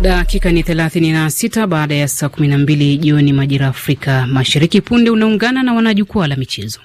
Dakika ni 36 baada ya saa 12 jioni majira Afrika Mashariki. Punde unaungana na wanajukwaa la michezo.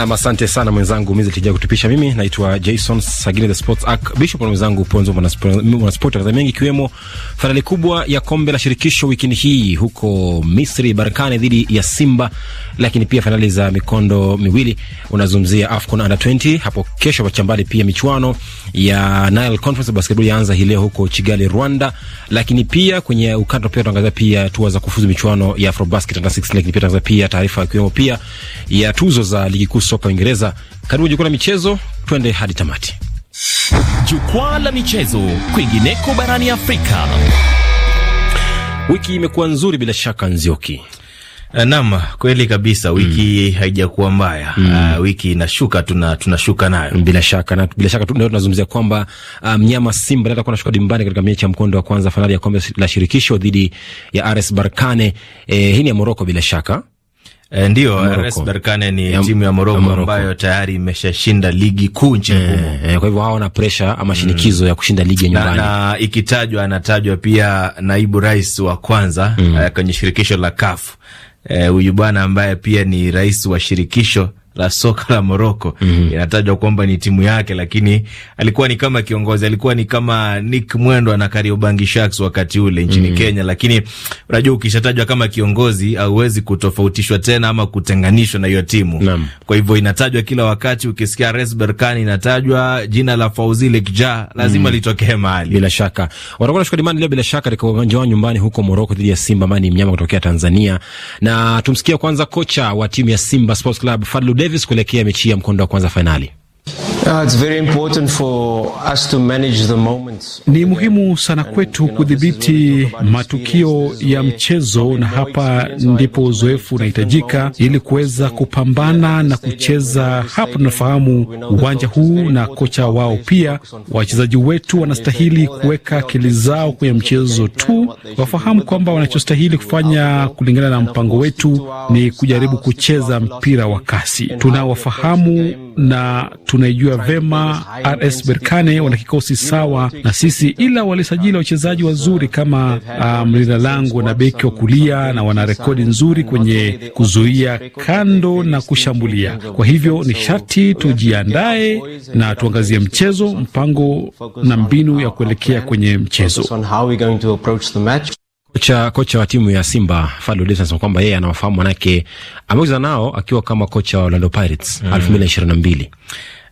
Nam, asante sana mwenzangu Mizi Tija kutupisha. Mimi naitwa Jason Sagini the Sports Arc Bishop na mwenzangu Ponzo Mwanaspoti kaza mengi ikiwemo fainali kubwa ya kombe la shirikisho wikini hii huko Misri Barkani dhidi ya Simba, lakini pia fainali za mikondo miwili unazungumzia AFCON under 20 hapo kesho Pachambali. Pia michuano ya Nile Conference basketball yaanza hii leo huko Kigali, Rwanda, lakini pia kwenye ukanda pia tunaangazia pia tuwa za kufuzu michuano ya Afrobasket under 16, lakini pia tunaangazia pia taarifa ikiwemo pia ya tuzo za ligi kuu soka Uingereza. Karibu jukwaa la michezo, twende hadi tamati. Jukwaa la michezo kwingineko barani Afrika. Wiki imekuwa nzuri bila shaka, Nzioki. Eh, naam, kweli kabisa, wiki mm. haijakuwa mbaya mm. Uh, wiki inashuka, tuna tunashuka nayo bila shaka na bila shaka tuna, tunazungumzia kwamba ah, mnyama um, Simba leo atakuwa anashuka dimbani katika mechi ya mkondo wa kwanza fainali ya kombe la shirikisho dhidi ya RS Barkane. E, hii ni ya Moroko bila shaka E, ndio RS Berkane ni ya, timu ya Moroko ambayo tayari imeshashinda ligi kuu nchini eh, humo. E, e, kwa hivyo hao wana presha ama mm. shinikizo mm, ya kushinda ligi ya nyumbani na, na ikitajwa anatajwa pia naibu rais wa kwanza mm, kwenye shirikisho la CAF huyu e, bwana ambaye pia ni rais wa shirikisho la soka la Moroko mm -hmm. Inatajwa kwamba ni timu yake, lakini alikuwa ni kama kiongozi, alikuwa ni kama Nick Mwendwa na Kariobangi Sharks wakati ule nchini mm -hmm. Kenya. Lakini unajua ukishatajwa kama kiongozi hauwezi kutofautishwa tena ama kutenganishwa na hiyo timu Nam. Kwa hivyo inatajwa kila wakati, ukisikia RS Berkane inatajwa jina la Fauzi Lekja lazima mm -hmm. litokee mahali. Bila shaka watakuwa na shukrani leo, bila shaka katika uwanja wao nyumbani huko Moroko dhidi ya Simba, mani mnyama kutokea Tanzania. Na tumsikia kwanza kocha wa timu ya Simba Sports Club Fadlu Davis kuelekea mechi ya mkondo wa kwanza fainali. Ah, ni muhimu sana kwetu kudhibiti matukio ya mchezo, na hapa ndipo uzoefu unahitajika ili kuweza kupambana na kucheza. Hapa tunafahamu uwanja huu na kocha wao pia. Wachezaji wetu wanastahili kuweka akili zao kwenye mchezo tu, wafahamu kwamba wanachostahili kufanya kulingana na mpango wetu ni kujaribu kucheza mpira wa kasi. Tunawafahamu na tunaijua vema RS Berkane wana kikosi sawa na sisi, ila walisajili uh, wachezaji wazuri uh, kama uh, mlinda langu na beki wa uh, kulia, na wana rekodi nzuri kwenye kuzuia kando na kushambulia. Kwa hivyo ni sharti tujiandae na tuangazie mchezo, mpango na mbinu ya kuelekea kwenye mchezo. Kocha, kocha wa timu ya Simba Fadlu Davids anasema kwamba yeye anawafahamu manake amecheza nao akiwa kama kocha wa Orlando Pirates mhm. elfu mbili na ishirini na mbili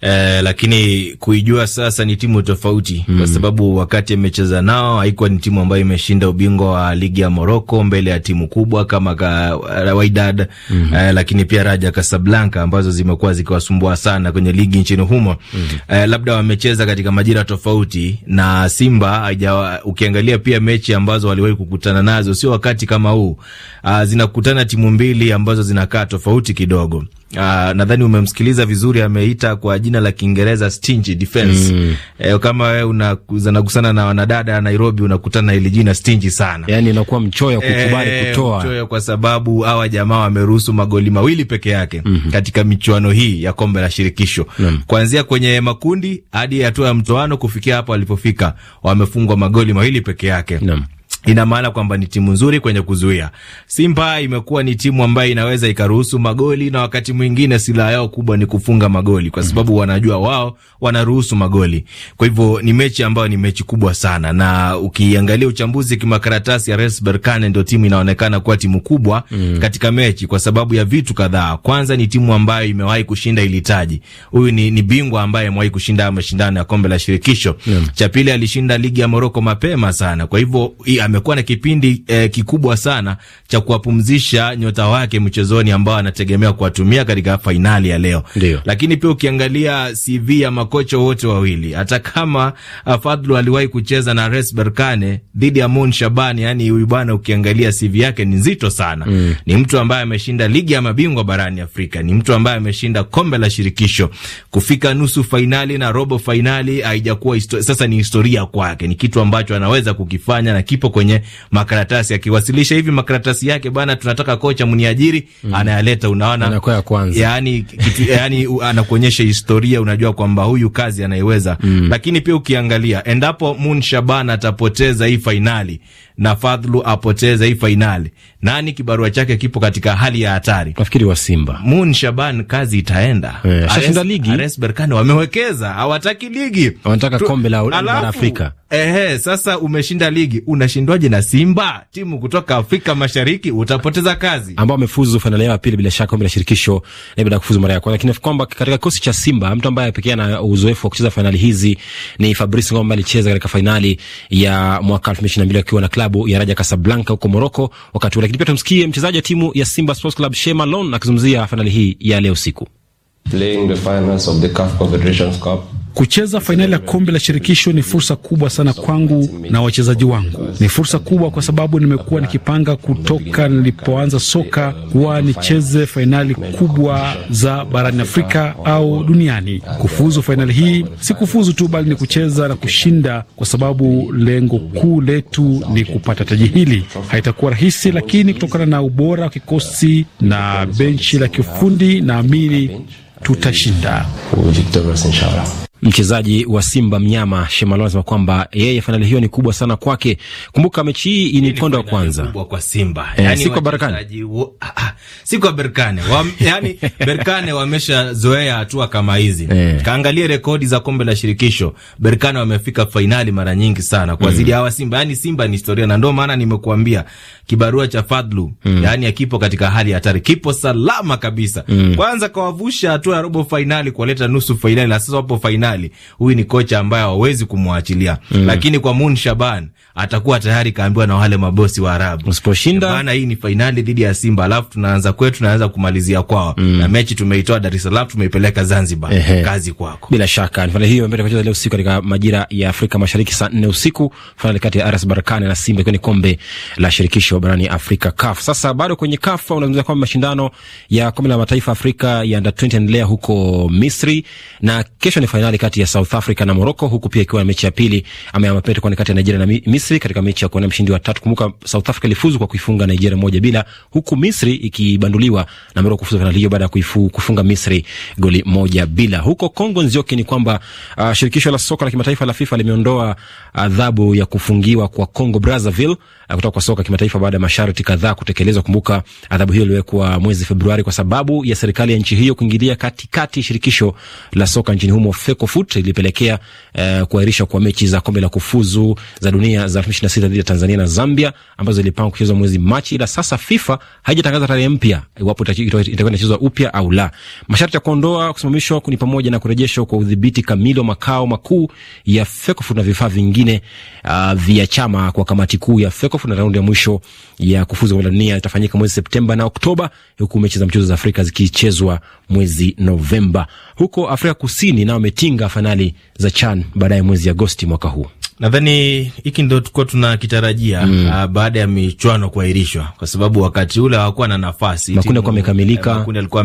eh, lakini kuijua sasa ni timu tofauti mm, kwa hmm. sababu wakati amecheza nao haikuwa ni timu ambayo imeshinda ubingwa wa ligi ya Morocco mbele ya timu kubwa kama ka, eh, Wydad mm -hmm. eh, lakini pia Raja Casablanca ambazo zimekuwa zikiwasumbua sana kwenye ligi nchini humo mm -hmm. eh, labda wamecheza katika majira tofauti na Simba haja, ukiangalia pia mechi ambazo waliwahi kukutana nazo sio wakati kama huu, ah, zinakutana timu mbili ambazo zinakaa tofauti kidogo Uh, nadhani umemsikiliza vizuri, ameita kwa jina la Kiingereza stingy defense mm. E, kama wewe unagusana na wanadada Nairobi, unakutana na hili jina stingy sana, yani inakuwa mchoyo kukubali e, kutoa mchoyo, kwa sababu hawa jamaa wameruhusu magoli mawili peke yake mm -hmm. katika michuano hii ya kombe la shirikisho mm. kuanzia kwenye makundi hadi hatua ya mtoano kufikia hapa walipofika, wamefungwa magoli mawili peke yake mm ina maana kwamba ni timu nzuri kwenye kuzuia. Simba imekuwa ni timu ambayo inaweza ikaruhusu magoli, na wakati mwingine silaha yao kubwa ni kufunga magoli, kwa sababu mhm. wanajua wao wanaruhusu magoli. Kwa hivyo ni mechi ambayo ni mechi kubwa sana, na ukiangalia uchambuzi kimakaratasi ya RS Berkane ndio timu inaonekana kuwa timu kubwa mm. katika mechi kwa sababu ya vitu kadhaa. Kwanza ni timu ambayo imewahi kushinda ili taji, huyu ni, ni bingwa ambaye amewahi kushinda mashindano ya kombe la shirikisho mm. Cha pili alishinda ligi ya Moroko mapema sana, kwa hivyo amekuwa na kipindi eh, kikubwa sana cha kuwapumzisha nyota wake mchezoni ambao anategemea kuwatumia katika fainali ya leo. Ndiyo. Lakini pia ukiangalia CV ya makocha wote wawili, hata kama eh, Fadlu aliwahi kucheza na Res Berkane dhidi ya Mon Shaban, yani huyu bwana ukiangalia CV yake ni nzito sana. Mm. Ni mtu ambaye ameshinda ligi ya mabingwa barani Afrika, ni mtu ambaye ameshinda kombe la shirikisho, kufika nusu fainali na robo fainali haijakuwa sasa, ni historia kwake, ni kitu ambacho anaweza kukifanya na kipo kwenye makaratasi, akiwasilisha hivi makaratasi yake, bana, tunataka kocha mniajiri, mm. anayaleta, unaona anakuwa ya kwanza, yani kitu, yani anakuonyesha historia, unajua kwamba huyu kazi anaiweza. Mm. Lakini pia ukiangalia endapo Mun Shabana atapoteza hii fainali na Fadlu apoteze hii fainali, nani kibarua chake kipo katika hali ya hatari? Nafikiri wa Simba Mun Shaban, kazi itaenda yeah. Ashinda ligi Ares Berkane wamewekeza, hawataki ligi, wanataka kombe la bara Afrika. Ehe, sasa umeshinda ligi, unashindwaje na Simba, timu kutoka Afrika Mashariki? Utapoteza kazi, ambao wamefuzu fainali yao ya pili bila shaka, kombe la shirikisho na bila kufuzu mara ya kwanza. Lakini kwamba katika kikosi cha Simba mtu ambaye pekee ana uzoefu wa kucheza fainali hizi ni Fabrice Ngoma, alicheza katika fainali ya mwaka 2022 akiwa na klabu klabu ya Raja Casablanca huko Moroko wakati ule, lakini pia tumsikie mchezaji wa timu ya Simba Sports Club Shema Lon akizungumzia fainali hii ya leo usiku. Kucheza fainali ya kombe la shirikisho ni fursa kubwa sana kwangu na wachezaji wangu. Ni fursa kubwa kwa sababu nimekuwa nikipanga kutoka nilipoanza soka kuwa nicheze fainali kubwa za barani Afrika au duniani. Kufuzu fainali hii si kufuzu tu, bali ni kucheza na kushinda, kwa sababu lengo kuu letu ni kupata taji hili. Haitakuwa rahisi, lakini kutokana na ubora wa kikosi na benchi la kiufundi, naamini tutashinda. Mchezaji wa Simba mnyama Shemalo anasema kwamba yeye fainali hiyo ni kubwa sana kwake. Kumbuka mechi hii ni mkondo wa kwanza kubwa kwa Simba e, eh, yani si kwa Berkane wo, ah, ah, si kwa Berkane wa, yani Berkane wameshazoea hatua kama hizi e. Kaangalie rekodi za kombe la shirikisho, Berkane wamefika fainali mara nyingi sana kwa mm. zidi mm. hawa Simba, yani Simba ni historia, na ndio maana nimekuambia kibarua cha Fadlu mm. yani akipo ya katika hali hatari, kipo salama kabisa mm. Kwanza kawavusha hatua ya robo fainali, kuwaleta nusu fainali na sasa wapo fainali fainali, huyu ni kocha ambaye hawawezi kumwachilia mm. Lakini kwa Mun Shaban atakuwa tayari kaambiwa na wale mabosi wa Arabu, usiposhinda maana hii ni fainali dhidi ya Simba, alafu tunaanza kwetu, tunaanza kumalizia kwao mm. na mechi tumeitoa Dar es Salaam, tumeipeleka Zanzibar. Ehe. Kazi kwako bila shaka. ni Fainali hiyo ambayo itachezwa leo usiku katika majira ya Afrika Mashariki saa 4 usiku, fainali kati ya RS Berkane na Simba, ikiwa ni kombe la shirikisho barani Afrika CAF. Sasa bado kwenye CAF unazungumzia kwamba mashindano ya kombe la mataifa Afrika ya under 20 yanaendelea huko Misri na kesho ni fainali fainali kati ya South Africa na Morocco, huku pia ikiwa mechi ya pili ama ya mapema kwa kati ya Nigeria na Misri katika mechi ya kuonea mshindi wa tatu. Kumbuka South Africa ilifuzu kwa kuifunga Nigeria moja bila, huku Misri ikibanduliwa na Morocco kufuzu fainali hiyo baada ya kufunga Misri goli moja bila. Huko Kongo Nzioki, ni kwamba uh, shirikisho la soka la kimataifa la FIFA limeondoa uh, adhabu uh, ya kufungiwa kwa Kongo Brazzaville uh, kutoka kwa soka kimataifa baada ya masharti kadhaa kutekelezwa. Kumbuka adhabu hiyo iliwekwa mwezi Februari kwa sababu ya serikali ya nchi hiyo kuingilia katikati shirikisho la soka nchini humo FECO kofut ilipelekea uh, eh, kuahirishwa kwa mechi za kombe la kufuzu za dunia za elfu na sita dhidi ya Tanzania na Zambia ambazo zilipangwa kuchezwa mwezi Machi, ila sasa FIFA haijatangaza tarehe mpya iwapo itakuwa inachezwa upya au la. Masharti ya kuondoa kusimamishwa ni pamoja na kurejeshwa kwa udhibiti kamili wa makao makuu ya FECOFU na vifaa vingine uh, vya chama kwa kamati kuu ya FECOFU, na raundi ya mwisho ya kufuzu kombe la dunia itafanyika mwezi Septemba na Oktoba, huku mechi za mchezo za Afrika zikichezwa mwezi Novemba. Huko Afrika Kusini nao ametinga kupinga fainali za CHAN baadaye mwezi Agosti mwaka huu. Nadhani hiki ndio tulikuwa tunakitarajia mm. Ah, baada ya michuano kuahirishwa, kwa sababu wakati ule hawakuwa na nafasi, makundi yalikuwa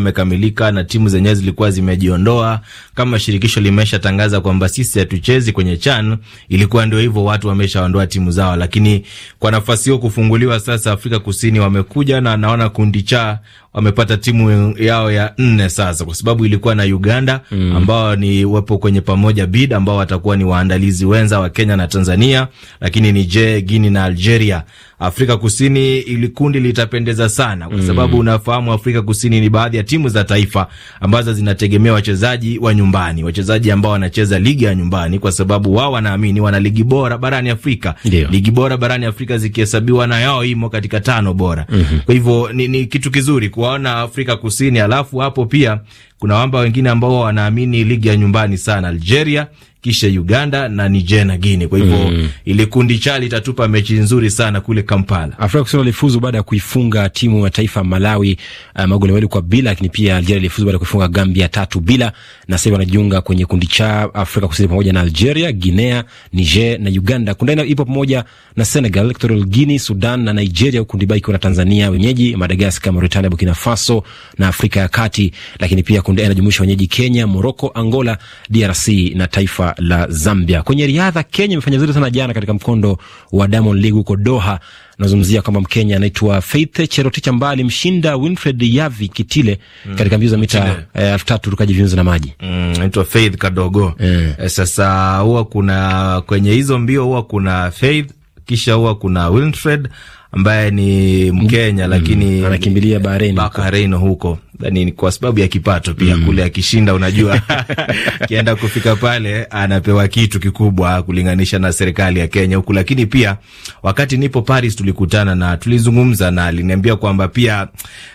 eh, yamekamilika na timu zenyewe zilikuwa zimejiondoa kama shirikisho limeshatangaza kwamba sisi hatuchezi kwenye CHAN, ilikuwa ndio hivyo, watu wameshaondoa timu zao. Lakini kwa nafasi hiyo kufunguliwa sasa, Afrika Kusini wamekuja na naona kundi cha wamepata timu yao ya nne sasa, kwa sababu ilikuwa na Uganda mm. ambao ni wepo kwenye pamoja bid ambao watakuwa ni waandalizi wenza wa Kenya na Tanzania, lakini ni je guini na Algeria Afrika Kusini ili kundi litapendeza sana, kwa mm. sababu unafahamu Afrika Kusini ni baadhi ya timu za taifa ambazo zinategemea wachezaji wa nyumbani, wachezaji ambao wanacheza ligi ya nyumbani, kwa sababu wao wanaamini wana ligi bora barani Afrika. Ndiyo. ligi bora barani Afrika zikihesabiwa na yao imo katika tano bora. Mm -hmm. Kwa hivyo ni, ni kitu kizuri kuwaona Afrika Kusini, alafu hapo pia kuna wamba wengine ambao wanaamini ligi ya nyumbani sana, Algeria kisha Uganda na Niger na Guinea. Kwa hivyo mm, ile kundi cha litatupa mechi nzuri sana kule Kampala. Afrika Kusini walifuzu baada ya kuifunga timu ya taifa Malawi uh, magoli mawili kwa bila, lakini pia Algeria ilifuzu baada ya kuifunga Gambia tatu bila, na sasa wanajiunga kwenye kundi cha Afrika Kusini pamoja na Algeria, Guinea, Niger na Uganda. Kundi hilo ipo pamoja na Senegal, Equatorial Guinea, Sudan na Nigeria, huku kundi baki kuna Tanzania wenyeji, Madagascar, Mauritania, Burkina Faso na Afrika ya Kati, lakini pia kundi Makundi A inajumuisha wenyeji Kenya, Morocco, Angola, DRC na taifa la Zambia. Kwenye riadha, Kenya imefanya vizuri sana jana katika mkondo wa Diamond League huko Doha. Nazungumzia kwamba Mkenya anaitwa Faith Cherotich ambaye alimshinda Winfred Yavi Kitile mm, katika mbio za mita eh, elfu tatu rukaji viunzi na maji mm, anaitwa Faith Kadogo mm. E, sasa huwa kuna kwenye hizo mbio huwa kuna Faith kisha huwa kuna Winfred ambaye ni Mkenya mm, lakini mm, anakimbilia Bahrein huko Yaani ni kwa sababu ya kipato pia mm. Kule akishinda, unajua akienda kufika pale anapewa kitu kikubwa kulinganisha na serikali ya Kenya huku. Lakini pia wakati nipo Paris tulikutana na tulizungumza na aliniambia kwamba pia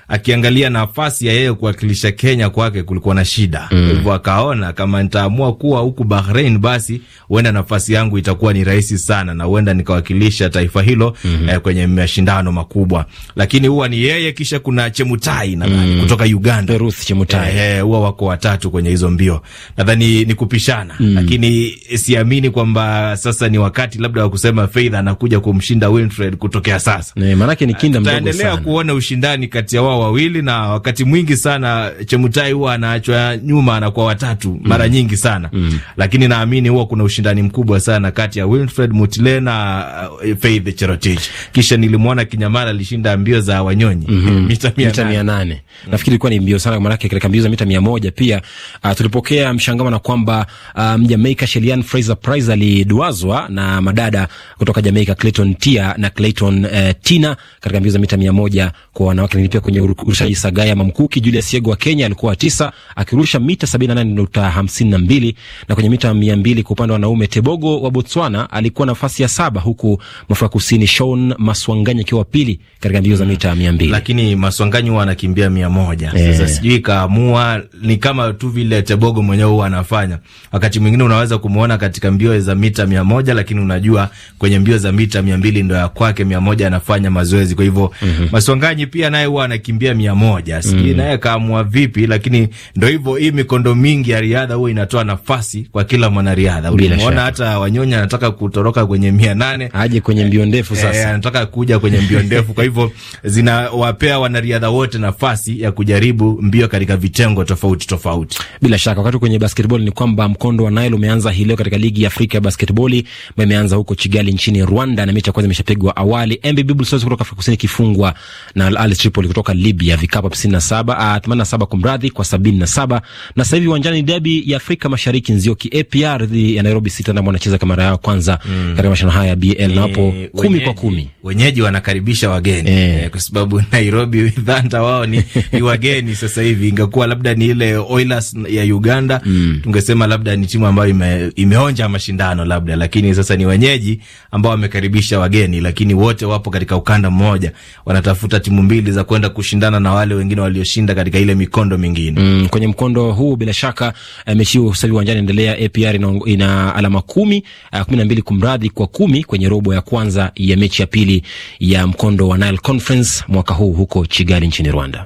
akiangalia nafasi ya yeye kuwakilisha Kenya kwake kulikuwa na shida mm. Kwa hivyo akaona kama nitaamua kuwa huku Bahrain, basi huenda nafasi yangu itakuwa ni rahisi sana na huenda nikawakilisha taifa hilo mm -hmm. eh, kwenye mashindano makubwa, lakini huwa ni yeye, kisha kuna Chemutai nadhani mm. kutoka Uganda Ruth Chemutai eh, huwa wako watatu kwenye hizo mbio. Nadhani ni kupishana mm. Lakini siamini kwamba sasa ni wakati labda wa kusema Faith anakuja kumshinda Winfred kutokea sasa. Ne, eh, maanake ni eh, kinda mdogo sana. Tutaendelea kuona ushindani kati ya wao wawili, na wakati mwingi sana Chemutai huwa anaachwa nyuma, anakuwa watatu mm. mara mm. nyingi sana mm. Lakini naamini huwa kuna ushindani mkubwa sana kati ya Winfred Mutile na eh, Faith Cherotich. Kisha nilimwona Kinyamala alishinda mbio za wanyonyi mm -hmm. mita mia nane nafikiri ilikuwa ni mbio sana, maana katika mbio za mita 100 pia uh, tulipokea mshangao na kwamba ah, Mjamaika um, Shelian Fraser Price aliduazwa na madada kutoka Jamaica Clayton Tia na Clayton uh, Tina katika mbio za mita 100 kwa wanawake, lakini pia kwenye urushaji Sagaya Mamkuki Julius Yego wa Kenya alikuwa tisa akirusha mita 78.52 na kwenye mita 200 kwa upande wa wanaume Tebogo wa Botswana alikuwa nafasi ya saba huku Afrika Kusini Shaun Maswanganyi akiwa pili katika mbio za mita 200 lakini Maswanganyi wanakimbia 100 kufanya eh. e. sijui kaamua, ni kama tu vile Tebogo mwenyewe huwa anafanya. Wakati mwingine unaweza kumuona katika mbio za mita mia moja, lakini unajua kwenye mbio za mita mia mbili ndo ya kwake, mia moja anafanya mazoezi. Kwa hivyo mm -hmm. Maswanganyi pia naye huwa anakimbia mia moja, sijui mm -hmm. naye kaamua vipi, lakini ndo hivyo. Hii mikondo mingi ya riadha huwa inatoa nafasi kwa kila mwanariadha. Ulimuona hata Wanyonya anataka kutoroka kwenye mia nane aje kwenye mbio ndefu eh, sasa, e, anataka kuja kwenye mbio ndefu. Kwa hivyo zinawapea wanariadha wote nafasi ya kuja kujaribu mbio katika vitengo tofauti tofauti. Bila shaka, wakati kwenye basketball ni kwamba mkondo wa Nile umeanza hii leo katika ligi ya Afrika ya basketball ambayo imeanza huko Kigali nchini Rwanda, na mechi ya kwanza imeshapigwa awali. MB Bulls kutoka Afrika Kusini kifungwa na Al Ahly Tripoli kutoka Libya vikapu 57 87 kumradhi kwa 77, na sasa hivi uwanjani derby ya Afrika Mashariki Nzioki APR ya Nairobi City ndio wanacheza kama mara yao kwanza mm. katika mashindano haya ya BL na hapo 10 kwa 10 wenyeji wanakaribisha wageni e, kwa sababu Nairobi Thunder wao ni, ni wageni wageni sasa hivi, ingekuwa labda ni ile Oilers ya Uganda mm. tungesema labda ni timu ambayo ime, imeonja mashindano labda, lakini sasa ni wenyeji ambao wamekaribisha wageni, lakini wote wapo katika ukanda mmoja, wanatafuta timu mbili za kwenda kushindana na wale wengine walioshinda katika ile mikondo mingine mm. kwenye mkondo huu bila shaka eh, mechi hiyo sasa hivi uwanjani endelea. APR ina, ina alama kumi uh, kumi na mbili kumradhi, kwa kumi kwenye robo ya kwanza ya mechi ya pili ya mkondo wa Nile Conference mwaka huu huko Kigali nchini Rwanda.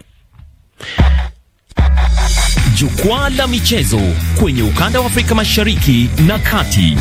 Jukwaa la michezo kwenye ukanda wa Afrika Mashariki na Kati.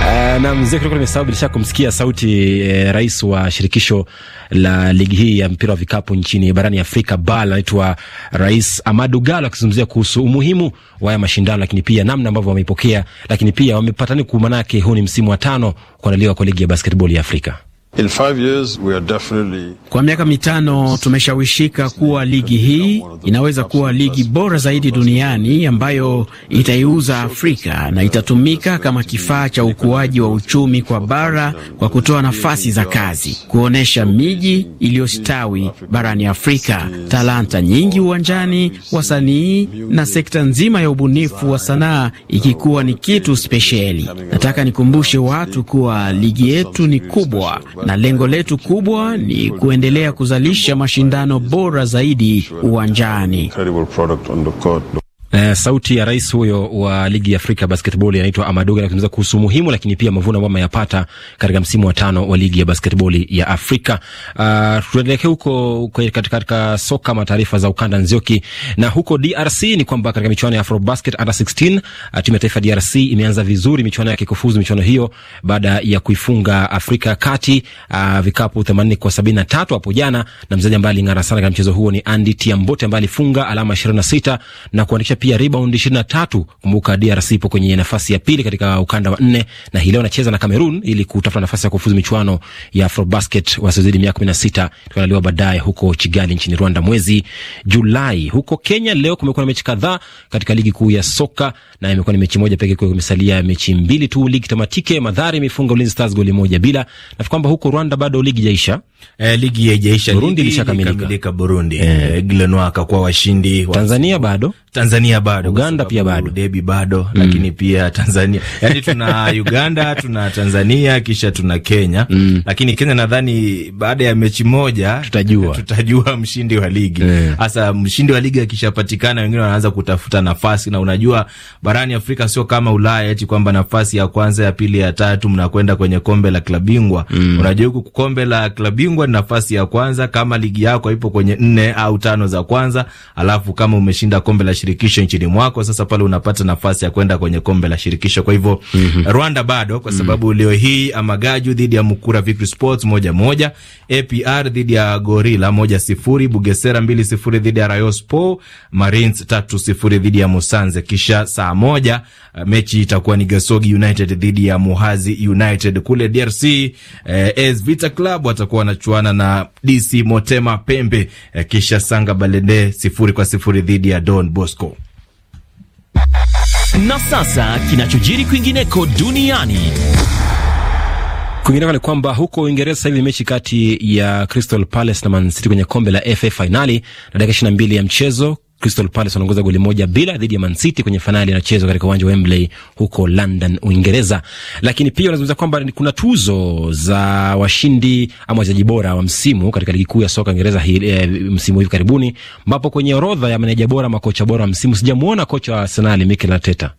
Uh, na mzee kulikuwa nimesahau bila shaka kumsikia sauti eh, rais wa shirikisho la ligi hii ya mpira wa vikapu nchini barani Afrika BAL anaitwa Rais Amadu Galo akizungumzia kuhusu umuhimu wa haya mashindano, lakini pia namna ambavyo wameipokea, lakini pia wamepatani kumanake, huu ni msimu wa tano kuandaliwa kwa ligi ya basketball ya Afrika. In five years, we are definitely... Kwa miaka mitano tumeshawishika kuwa ligi hii inaweza kuwa ligi bora zaidi duniani ambayo itaiuza Afrika na itatumika kama kifaa cha ukuaji wa uchumi kwa bara kwa kutoa nafasi za kazi, kuonyesha miji iliyostawi barani Afrika, talanta nyingi uwanjani, wasanii na sekta nzima ya ubunifu wa sanaa ikikuwa ni kitu spesheli. Nataka nikumbushe watu kuwa ligi yetu ni kubwa na lengo letu kubwa ni kuendelea kuzalisha mashindano bora zaidi uwanjani. Eh, sauti ya rais huyo wa ligi ya Afrika basketball anaitwa Amadoga anazungumza kuhusu umuhimu lakini pia mavuno ambayo ameyapata katika msimu wa tano wa ligi ya basketball ya Afrika. Uh, tuendelee huko katika, katika soka ama taarifa za ukanda Nzioki, na huko DRC ni kwamba katika michuano ya Afrobasket under 16 uh, ah, timu ya taifa DRC imeanza vizuri michuano yake kufuzu michuano hiyo baada ya kuifunga Afrika Kati uh, vikapu 80 kwa 73 hapo jana, na mchezaji ambaye aling'ara sana katika mchezo huo ni Andy Tiambote ambaye alifunga alama 26 na kuandikisha pia rebound 23. Kumbuka DRC ipo kwenye nafasi ya pili katika ukanda wa nne, na hii leo anacheza na Cameroon ili kutafuta nafasi ya kufuzu michuano ya Afrobasket wasiozidi miaka 16 tukaliwa baadaye huko Kigali nchini Rwanda mwezi Julai. Huko Kenya leo kumekuwa na mechi kadhaa katika ligi kuu ya soka na imekuwa ni mechi moja pekee kwa kumesalia mechi mbili tu ligi tamatike. Madhari imefunga Ulinzi Stars goli moja bila. Nafikiri kwamba huko Rwanda bado ligi haijaisha. Eh, ligi haijaisha. Burundi ilishakamilika. Burundi. Eh, eh Glenwa akakuwa washindi. Tanzania bado. Tanzania Tanzania bado, Uganda pia bado, Debi bado mm. Lakini pia Tanzania yani tuna Uganda tuna Tanzania kisha tuna Kenya mm. Lakini Kenya nadhani baada ya mechi moja tutajua, tutajua mshindi wa ligi eh. hasa yeah. Mshindi wa ligi akishapatikana, wengine wanaanza kutafuta nafasi, na unajua barani Afrika sio kama Ulaya eti kwamba nafasi ya kwanza ya pili ya tatu mnakwenda kwenye kombe la klabu bingwa mm. Unajua huku kombe la klabu bingwa ni nafasi ya kwanza, kama ligi yako ipo kwenye nne au tano za kwanza, alafu kama umeshinda kombe la shirikisho shirikisho nchini mwako, sasa pale unapata nafasi ya kwenda kwenye kombe la shirikisho. Kwa hivyo mm -hmm. Rwanda bado kwa mhm. sababu mm -hmm. leo hii Amagaju dhidi ya Mukura Victory Sports moja moja, APR dhidi ya Gorilla moja sifuri, Bugesera mbili sifuri dhidi ya Rayon Sports, Marines tatu sifuri dhidi ya Musanze. Kisha saa moja eh, mechi itakuwa ni Gasogi United dhidi ya Muhazi United kule DRC. Eh, AS Vita Club watakuwa wanachuana na DC Motema Pembe, eh, kisha Sanga Balende sifuri kwa sifuri dhidi ya Don Bosco. Na sasa kinachojiri kwingineko duniani kwingineko ni kwamba huko Uingereza hivi mechi kati ya Crystal Palace na Man City kwenye kombe la FA fainali na dakika 22 ya mchezo Crystal Palace wanaongoza goli moja bila dhidi ya Man City kwenye fainali inayochezwa katika uwanja wa Wembley huko London, Uingereza. Lakini pia wanazungumza kwamba kuna tuzo za washindi ama wachezaji bora wa msimu katika ligi kuu ya soka Uingereza eh, msimu hivi karibuni, ambapo kwenye orodha ya maneja bora, makocha bora wa msimu sijamwona kocha wa Arsenali Mikel Arteta.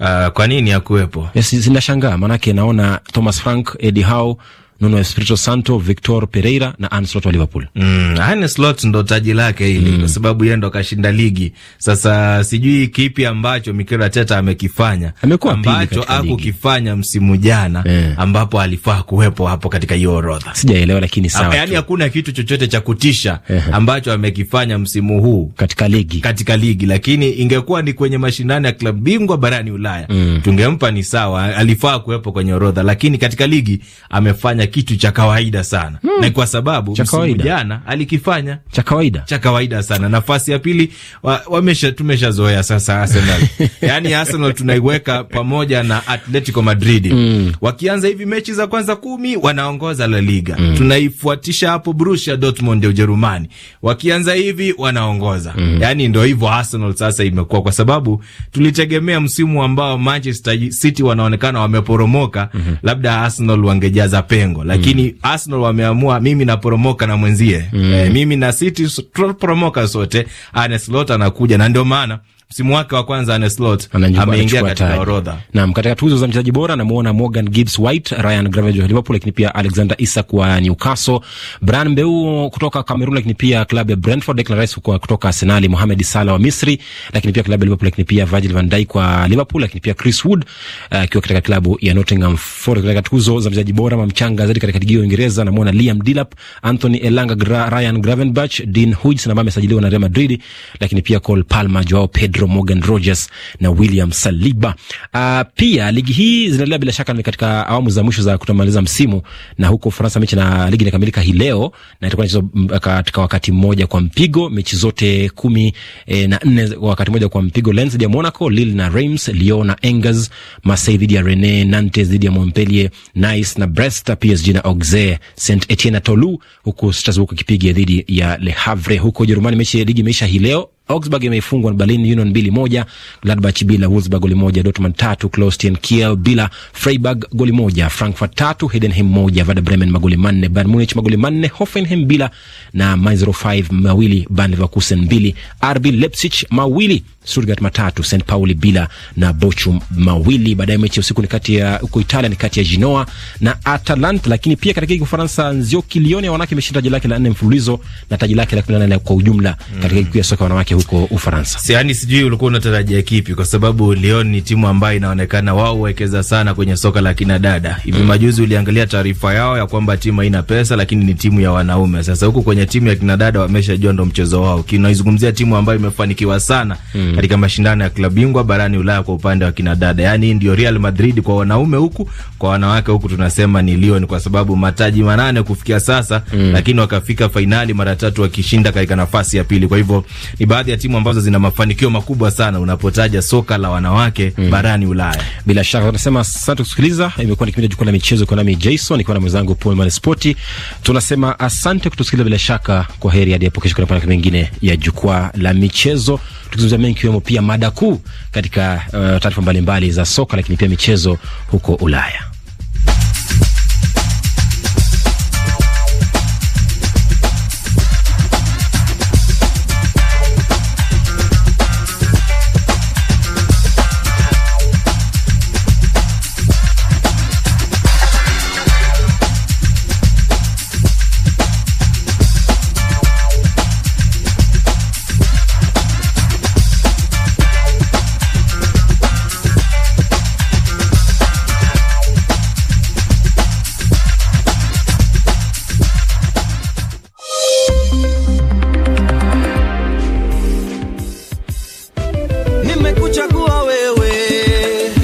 Uh, kwa nini hakuwepo? Yes, eh, sinashangaa maanake naona Thomas Frank, Eddie Howe Nuno Espirito Santo, Victor Pereira na Arne Slot wa Liverpool. Mm, Arne Slot ndo taji lake hili mm, kwa sababu yeye ndo kashinda ligi. Sasa sijui kipi ambacho Mikel Arteta amekifanya ambacho akukifanya msimu jana yeah, ambapo alifaa kuwepo hapo katika hiyo orodha. Sijaelewa lakini sawa. Yaani hakuna kitu chochote cha kutisha eh. ambacho amekifanya msimu huu katika ligi. Katika ligi lakini ingekuwa ni kwenye mashindano ya klabu bingwa barani Ulaya, mm, tungempa ni sawa, alifaa kuwepo kwenye orodha lakini katika ligi amefanya kitu cha kawaida sana hmm. Na kwa sababu msimu jana alikifanya cha kawaida cha kawaida sana. Nafasi ya pili wa, wamesha tumeshazoea sasa Arsenal yani Arsenal tunaiweka pamoja na Atletico Madrid hmm. Wakianza hivi mechi za kwanza kumi wanaongoza La Liga hmm. Tunaifuatisha hapo Borussia Dortmund ya Ujerumani, wakianza hivi wanaongoza hmm. Yani ndio hivyo Arsenal sasa imekuwa, kwa sababu tulitegemea msimu ambao Manchester City wanaonekana wameporomoka hmm. Labda Arsenal wangejaza pengo mlango, lakini mm. Arsenal wameamua mimi naporomoka na mwenzie mm. E, mimi na City tutaporomoka sote. Arne Slot anakuja na ndio maana msimu wake wa kwanza Arne Slot ameingia katika orodha. Naam, katika tuzo za mchezaji bora namuona Morgan Gibbs White, Ryan Gravejo wa Liverpool, lakini pia Alexander Isak wa Newcastle, Brian Mbeu kutoka Cameroon, lakini pia klabu ya Brentford, Declan Rice kutoka Arsenal, Mohamed Salah wa Misri, lakini pia klabu ya Liverpool, lakini pia Virgil van Dijk wa Liverpool, lakini pia Chris Wood eh, akiwa uh, katika klabu ya Nottingham Forest. Katika tuzo za mchezaji bora ama mchanga zaidi katika ligi ya Uingereza namuona Liam Delap, Anthony Elanga, Gra Ryan Gravenberch, Dean Hughes na ambaye amesajiliwa na Real Madrid, lakini pia Cole Palmer, Joao Pedro Pedro Morgan Rogers na William Saliba. Uh, pia ligi hii zinaendelea bila shaka katika awamu za mwisho za kutamaliza msimu, na huko Ufaransa mechi na ligi inakamilika hii leo na itakuwa inachezwa mm, katika wakati mmoja kwa mpigo, mechi zote kumi eh, na nne wakati mmoja kwa mpigo, Lens dhidi ya Monaco, Lille na Reims, Lyon na Angers, Marseille dhidi ya Rennes, Nantes dhidi ya Montpellier, Nice na Brest, PSG na Auxerre, Saint Etienne na Toulouse, huku Strasbourg ikipiga dhidi ya Le Havre. Huko Ujerumani mechi ya ligi imeisha hii leo Augsburg imefungwa na Berlin Union mbili moja, Gladbach bila, Wolfsburg goli moja, Dortmund tatu, Holstein Kiel bila, Freiburg goli moja, Frankfurt tatu, Heidenheim moja, Werder Bremen magoli manne, Bayern Munich magoli manne, Hoffenheim bila na Mainz 05 mawili, Bayer Leverkusen mbili, RB Leipzig mawili, Stuttgart matatu, St Pauli bila na Bochum mawili. Baadaye mechi usiku ni kati ya uko Italia ni kati ya Genoa na Atalanta, lakini pia katika ligi ya Ufaransa Nzio Kilioni wanawake imeshinda taji lake la nne mfululizo na taji lake la 18 kwa ujumla katika ligi ya soka wanawake huko Ufaransa. Yani sijui ulikuwa unatarajia kipi, kwa sababu Lyon ni timu ambayo inaonekana wao wawekeza sana kwenye soka la kina dada. Hivi mm. majuzi uliangalia taarifa yao ya kwamba timu haina pesa, lakini ni timu ya wanaume. Sasa huku kwenye timu ya kina kinadada wameshajua ndo mchezo wao. Kinaizungumzia timu ambayo imefanikiwa sana mm. katika mashindano ya klabu bingwa barani Ulaya kwa upande wa kina dada, yani ndio Real Madrid kwa wanaume, huku kwa wanawake huku tunasema ni Lyon, kwa sababu mataji manane kufikia sasa mm. lakini wakafika fainali mara tatu wakishinda katika nafasi ya pili. Kwa hivyo ni baadhi baadhi ya timu ambazo zina mafanikio makubwa sana unapotaja soka la wanawake mm. barani Ulaya. Bila shaka tunasema asante kusikiliza. Imekuwa ni kipindi cha jukwaa la michezo kwa nami Jason, nikiwa na mwenzangu Paul Manspoti. Tunasema asante kutusikiliza, bila shaka kwa heri hadi hapo kesho, kuna panaka mengine ya jukwaa la michezo tukizungumzia mengi ikiwemo pia mada kuu katika uh, taarifa mbalimbali za soka lakini pia michezo huko Ulaya.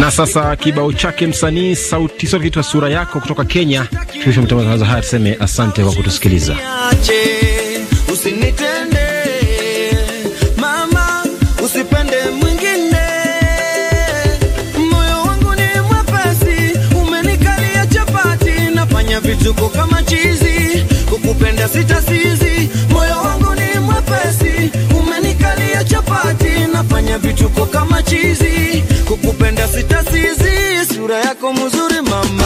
Na sasa kibao chake msanii sauti sote kitwa sura yako kutoka Kenya. Tuisho matangazo haya, tuseme asante kwa kutusikiliza. kama chizi, kukupenda sitasizi, moyo wangu ni mwepesi, umenikalia chapati, nafanya vituko kama chizi kupenda sitasizii, sura yako mzuri mama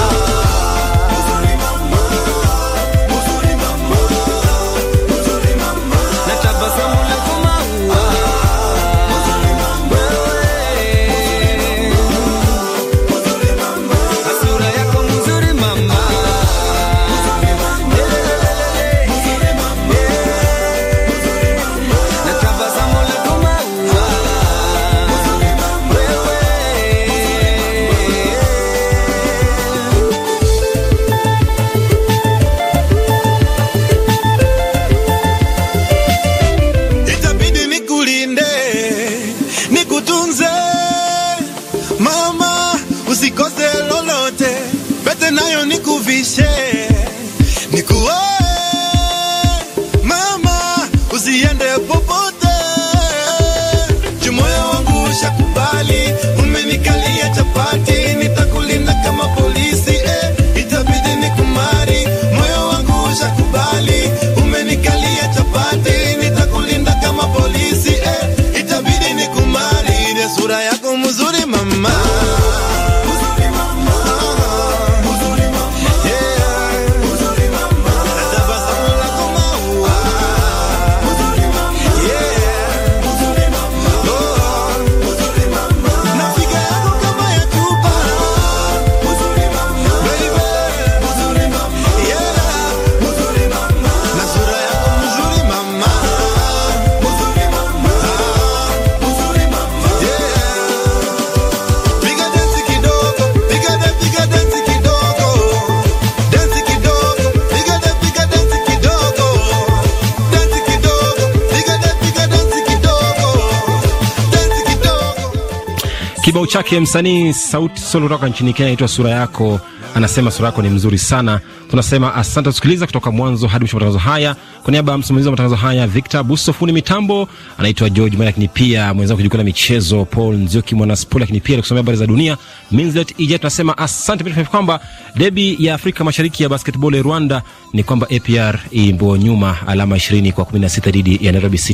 chake msanii Sauti solo kutoka nchini Kenya aitwa Sura Yako. Anasema sura yako ni mzuri sana. Tunasema asante kusikiliza kutoka mwanzo hadi mwisho matangazo haya. Kwa niaba ya msimamizi wa matangazo haya Victor Buso, fundi mitambo anaitwa George Mwana, lakini pia mwenzangu kujukua la michezo Paul Nzioki Mwanaspoli, lakini pia alikusomea habari za dunia Minslet Ija. Tunasema asante pia kwamba debi ya Afrika Mashariki ya basketball ya Rwanda ni kwamba APR imbo nyuma alama 20 kwa 16 dhidi ya Nairobi City.